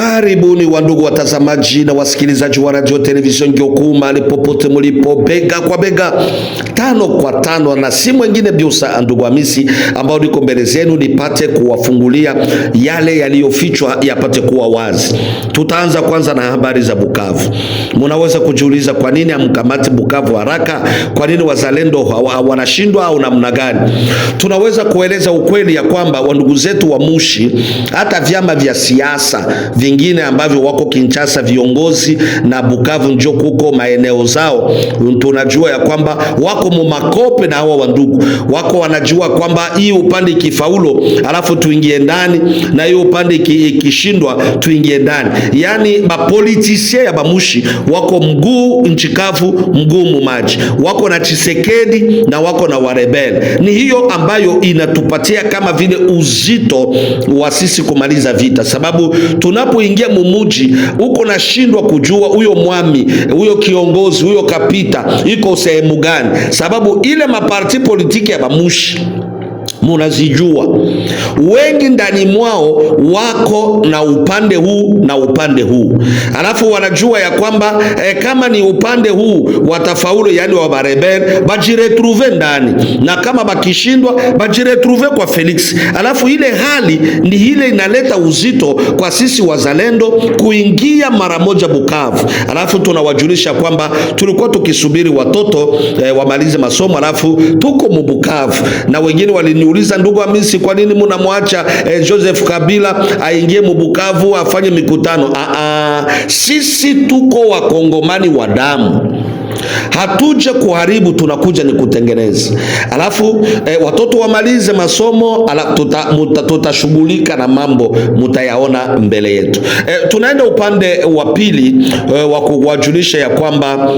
Karibuni wandugu watazamaji na wasikilizaji wa radio television Ngyoku, mahali popote mlipo, bega kwa bega, tano kwa tano, na si mwingine biusa ndugu Hamisi ambao niko mbele zenu nipate kuwafungulia yale yaliyofichwa yapate kuwa wazi. Tutaanza kwanza na habari za Bukavu. Munaweza kujiuliza kwa nini amkamati Bukavu haraka, kwa nini wazalendo wanashindwa au namna gani? Tunaweza kueleza ukweli ya kwamba wandugu zetu wa Mushi, hata vyama vya siasa vingine ambavyo wako Kinshasa viongozi na Bukavu njo kuko maeneo zao, tunajua ya kwamba wako mumakope na hawa wandugu wako wanajua kwamba hii upande ikifaulo, alafu tuingie ndani, na hii upande ikishindwa tuingie ndani. Yani bapolitisie ya bamushi wako mguu nchikavu mguu mumaji, wako na Chisekedi na wako na warebel. Ni hiyo ambayo inatupatia kama vile uzito wa sisi kumaliza vita, sababu tunapo kuingia mumuji huko, nashindwa kujua huyo mwami huyo kiongozi huyo kapita iko sehemu gani, sababu ile maparti politiki ya bamushi munazijua. Wengi ndani mwao wako na upande huu na upande huu, alafu wanajua ya kwamba eh, kama ni upande huu watafaulu, yani wa barebel bajiretruve ndani, na kama bakishindwa bajiretruve kwa Felix. Alafu ile hali ni ile inaleta uzito kwa sisi wazalendo kuingia mara moja Bukavu, alafu tunawajulisha kwamba tulikuwa tukisubiri watoto eh, wamalize masomo, alafu tuko mubukavu na wengine walini Aliuliza, ndugu Hamisi, kwa nini mnamwacha eh, Joseph Kabila aingie Mubukavu afanye mikutano? Aa, ah, ah. sisi tuko wakongomani wa damu hatuja kuharibu, tunakuja ni kutengeneza. Alafu e, watoto wamalize masomo ala, tutashughulika tuta na mambo mutayaona mbele yetu. E, tunaenda upande wa pili e, wa kuwajulisha ya kwamba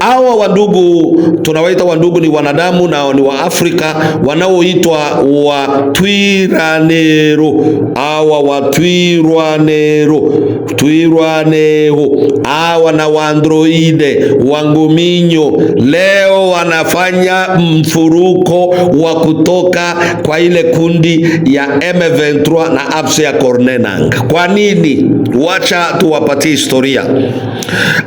Hawa wandugu tunawaita wandugu, ni wanadamu na ni wa Afrika wanaoitwa Watwiranero. Hawa Watwiranero twirwaneho awa na wandroide wanguminyo leo wanafanya mfuruko wa kutoka kwa ile kundi ya M23 na AFC ya Cornelange. Kwa nini? Wacha tuwapatie historia.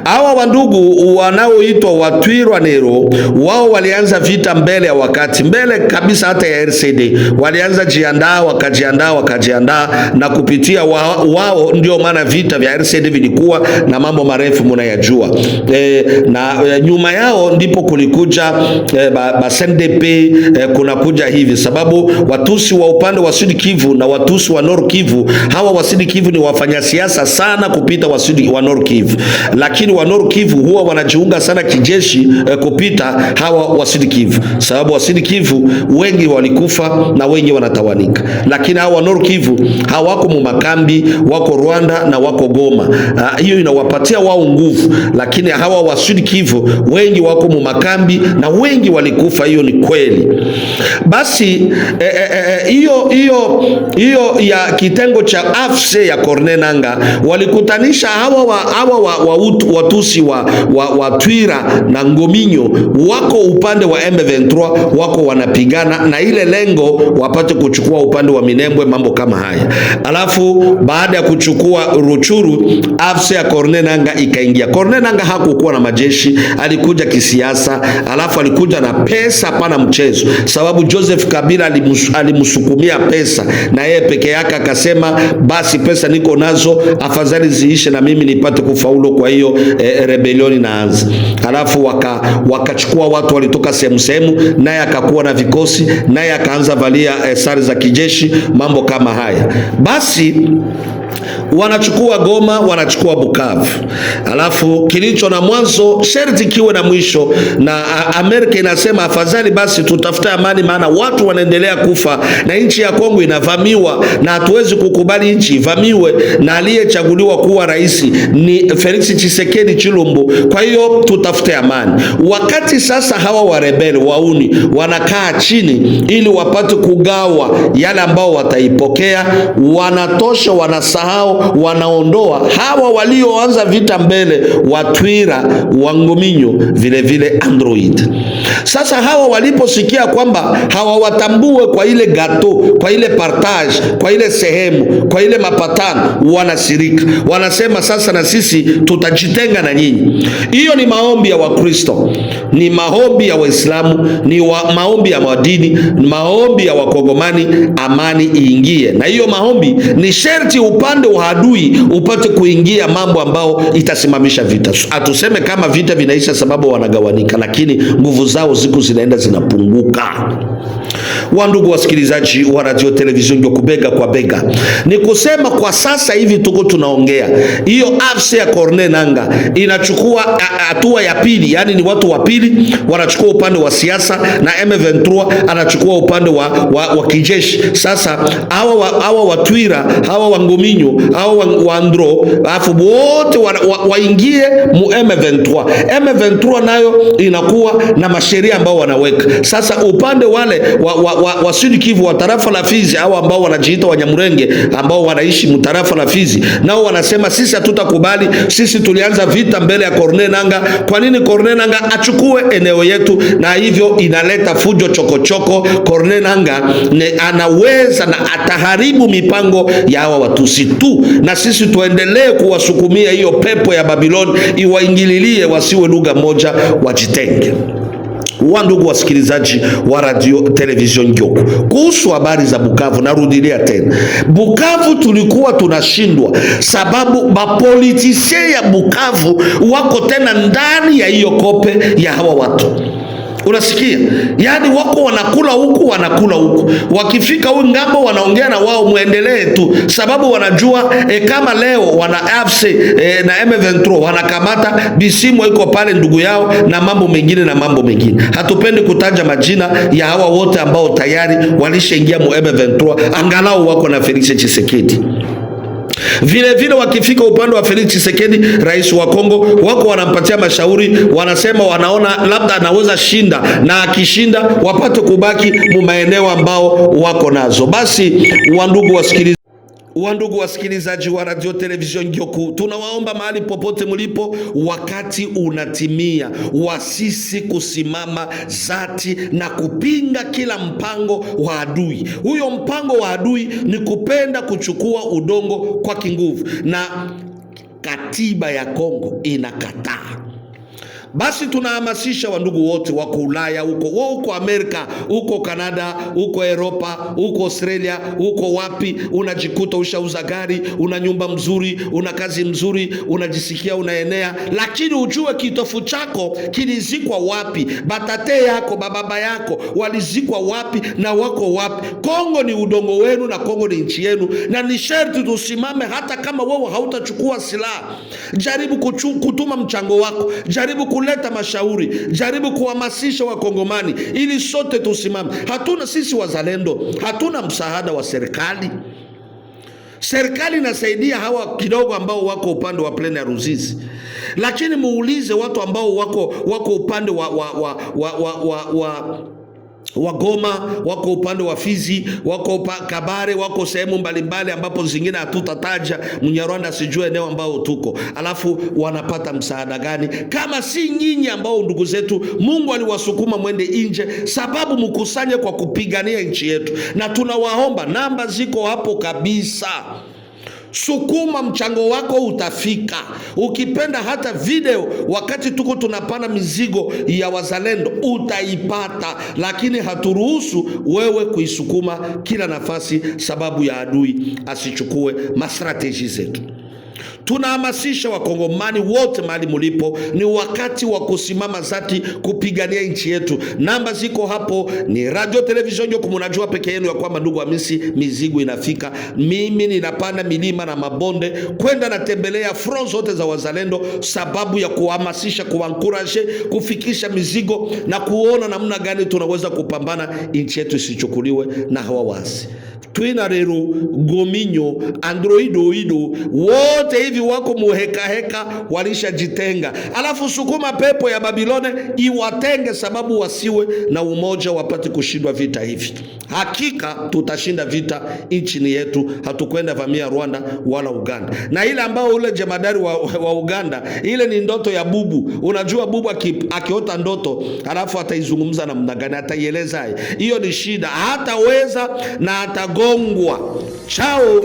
awa wandugu wanaoitwa Watwirwanero wao walianza vita mbele ya wakati, mbele kabisa hata ya RCD. Walianza jiandaa, wakajiandaa, wakajiandaa na kupitia wao, wao ndio maana vita vita vya RCD vilikuwa na mambo marefu mnayajua. E, na e, nyuma yao ndipo kulikuja e, ba, ba SNDP e, kuja hivi, sababu watusi wa upande wa Sud Kivu na watusi wa Nord Kivu, hawa wa Sud Kivu ni wafanya siasa sana kupita wa Sud wa Nord Kivu, lakini wa Nord Kivu huwa wanajiunga sana kijeshi e, kupita hawa wa Sud Kivu, sababu wa Sud Kivu wengi walikufa na wengi wanatawanika, lakini hawa wa Nord Kivu hawako mumakambi, wako Rwanda na wako Goma. Mm. Ah, hiyo, inawapatia wao nguvu, lakini hawa washiriki hivyo wengi wako mumakambi na wengi walikufa. Hiyo ni kweli. Basi eh, eh, eh, hiyo e, e, e, ya kitengo cha AFC e ya Corne Nanga walikutanisha hawa, wa, hawa wa, wa utu, watusi wa, wa, wa Twira na Ngominyo wako upande wa M23 wako wanapigana na ile lengo wapate kuchukua upande wa Minembwe, mambo kama haya alafu baada ya kuchukua Ruchu Rutshuru, AFC ya Corne Nanga ikaingia. Corne Nanga hakukuwa na majeshi, alikuja kisiasa, alafu alikuja na pesa, pana mchezo, sababu Joseph Kabila alimus, pesa na yeye peke yake akasema, basi pesa niko nazo afadhali ziishe na mimi nipate kufaulu, kwa hiyo e, rebellion naanza. Alafu wakachukua watu walitoka sehemu sehemu, naye akakuwa na vikosi, naye akaanza valia e, sare za kijeshi, mambo kama haya basi wanachukua Goma, wanachukua Bukavu, alafu kilicho na mwanzo sherti kiwe na mwisho, na Amerika inasema afadhali basi tutafuta amani, maana watu wanaendelea kufa na nchi ya Kongo inavamiwa, na hatuwezi kukubali nchi ivamiwe, na aliyechaguliwa kuwa rais ni Felix Tshisekedi Chilombo. Kwa hiyo tutafute amani. Wakati sasa hawa warebeli wauni wanakaa chini ili wapate kugawa yale ambao wataipokea, wanatosha, wanasahau wanaondoa hawa walioanza vita mbele, Watwira, Wangominyo vile vile Android. Sasa hawa waliposikia kwamba hawawatambue kwa ile gato, kwa ile partage, kwa ile sehemu, kwa ile mapatano, wanasirika, wanasema sasa na sisi tutajitenga na nyinyi. Hiyo ni maombi ya Wakristo, ni maombi ya Waislamu, ni wa, maombi ya madini, maombi ya Wakongomani, amani iingie. Na hiyo maombi ni sherti upande wa maadui upate kuingia mambo ambao itasimamisha vita. Hatuseme kama vita vinaisha sababu wanagawanika, lakini nguvu zao ziku zinaenda zinapunguka wa ndugu wasikilizaji wa radio television Kubega kwa Bega, ni kusema kwa sasa hivi tuko tunaongea, hiyo AFC ya Corne nanga inachukua hatua ya pili, yani ni watu wa pili wanachukua upande wa siasa na M23 anachukua upande wa, wa, wa kijeshi. Sasa hawa hawa watwira hawa wangominyo hawa wandro alafu wote waingie wa, wa mu M23. M23 nayo inakuwa na masheria ambao wanaweka sasa upande wale wa, wa, wa, wa Sud Kivu wa tarafa la Fizi au ambao wanajiita Wanyamurenge ambao wanaishi mtarafa la Fizi, nao wanasema sisi hatutakubali, sisi tulianza vita mbele ya Corneille Nanga. Kwa nini Corneille Nanga achukue eneo yetu? Na hivyo inaleta fujo chokochoko. Corneille Nanga ne, anaweza na ataharibu mipango ya hawa Watusi tu, na sisi tuendelee kuwasukumia hiyo pepo ya Babiloni iwaingililie, wasiwe lugha moja, wajitenge wa ndugu wasikilizaji wa radio television Ngyoku, kuhusu habari za Bukavu, narudilia tena, Bukavu tulikuwa tunashindwa sababu bapolitisie ya Bukavu wako tena ndani ya hiyo kope ya hawa watu Unasikia, yaani wako wanakula huku wanakula huku, wakifika huyu ngambo wanaongea na wao, muendelee tu, sababu wanajua e, kama leo wana AFC e, na M23 wanakamata bisimo iko pale ndugu yao na mambo mengine na mambo mengine. Hatupendi kutaja majina ya hawa wote ambao tayari walishaingia mu M23, angalau wako na Felix Tshisekedi. Vile vile wakifika upande wa Felix Tshisekedi, rais wa Kongo, wako wanampatia mashauri, wanasema wanaona labda anaweza shinda, na akishinda wapate kubaki mu maeneo ambao wako nazo. Basi wandugu wasikilizaji Wandugu wasikilizaji wa radio television Ngyoku, tunawaomba mahali popote mlipo, wakati unatimia wa sisi kusimama zati na kupinga kila mpango wa adui. Huyo mpango wa adui ni kupenda kuchukua udongo kwa kinguvu, na katiba ya Kongo inakataa basi tunahamasisha wandugu wote wako Ulaya huko wao, huko Amerika, huko Kanada, huko Europa, huko Australia, huko wapi, unajikuta ushauza gari, una nyumba mzuri, una kazi mzuri, unajisikia unaenea, lakini ujue kitofu chako kilizikwa wapi, batate yako bababa yako walizikwa wapi na wako wapi. Kongo ni udongo wenu na Kongo ni nchi yenu, na ni sherti tusimame, hata kama wewe hautachukua silaha, jaribu kutuma mchango wako, jaribu kuleta mashauri, jaribu kuhamasisha Wakongomani ili sote tusimame. Hatuna sisi wazalendo, hatuna msaada wa serikali. Serikali inasaidia hawa kidogo ambao wako upande wa pleni ya Ruzizi, lakini muulize watu ambao wako wako upande wa, wa, wa, wa, wa, wa, wa Wagoma wako upande wa Fizi, wako Kabare, wako sehemu mbalimbali ambapo zingine hatutataja, Mnyarwanda asijue eneo ambao tuko. Alafu wanapata msaada gani kama si nyinyi ambao ndugu zetu Mungu aliwasukuma mwende nje, sababu mkusanye kwa kupigania nchi yetu, na tunawaomba, namba ziko hapo kabisa. Sukuma mchango wako utafika. Ukipenda hata video, wakati tuko tunapanda mizigo ya wazalendo utaipata, lakini haturuhusu wewe kuisukuma kila nafasi, sababu ya adui asichukue mastrateji zetu. Tunahamasisha wakongomani wote mahali mulipo, ni wakati wa kusimama zati kupigania nchi yetu. Namba ziko hapo, ni radio television yoku, Mnajua peke yenu ya kwamba ndugu Hamisi, mizigo inafika. Mimi ninapanda milima na mabonde kwenda natembelea front zote za wazalendo, sababu ya kuhamasisha, kuwankuraje, kufikisha mizigo na kuona namna gani tunaweza kupambana nchi yetu isichukuliwe na hawa waasi. Twina rero gominyo androidoido wote hivi hivi wako muhekaheka, walishajitenga. Alafu sukuma pepo ya Babilone iwatenge, sababu wasiwe na umoja, wapate kushindwa vita hivi. Hakika tutashinda vita nchini yetu, hatukwenda vamia Rwanda wala Uganda. Na ile ambao ule jemadari wa, wa Uganda, ile ni ndoto ya bubu. Unajua bubu akiota ndoto alafu ataizungumza namna gani? Ataieleza Hiyo ni shida, hataweza na atagongwa chao.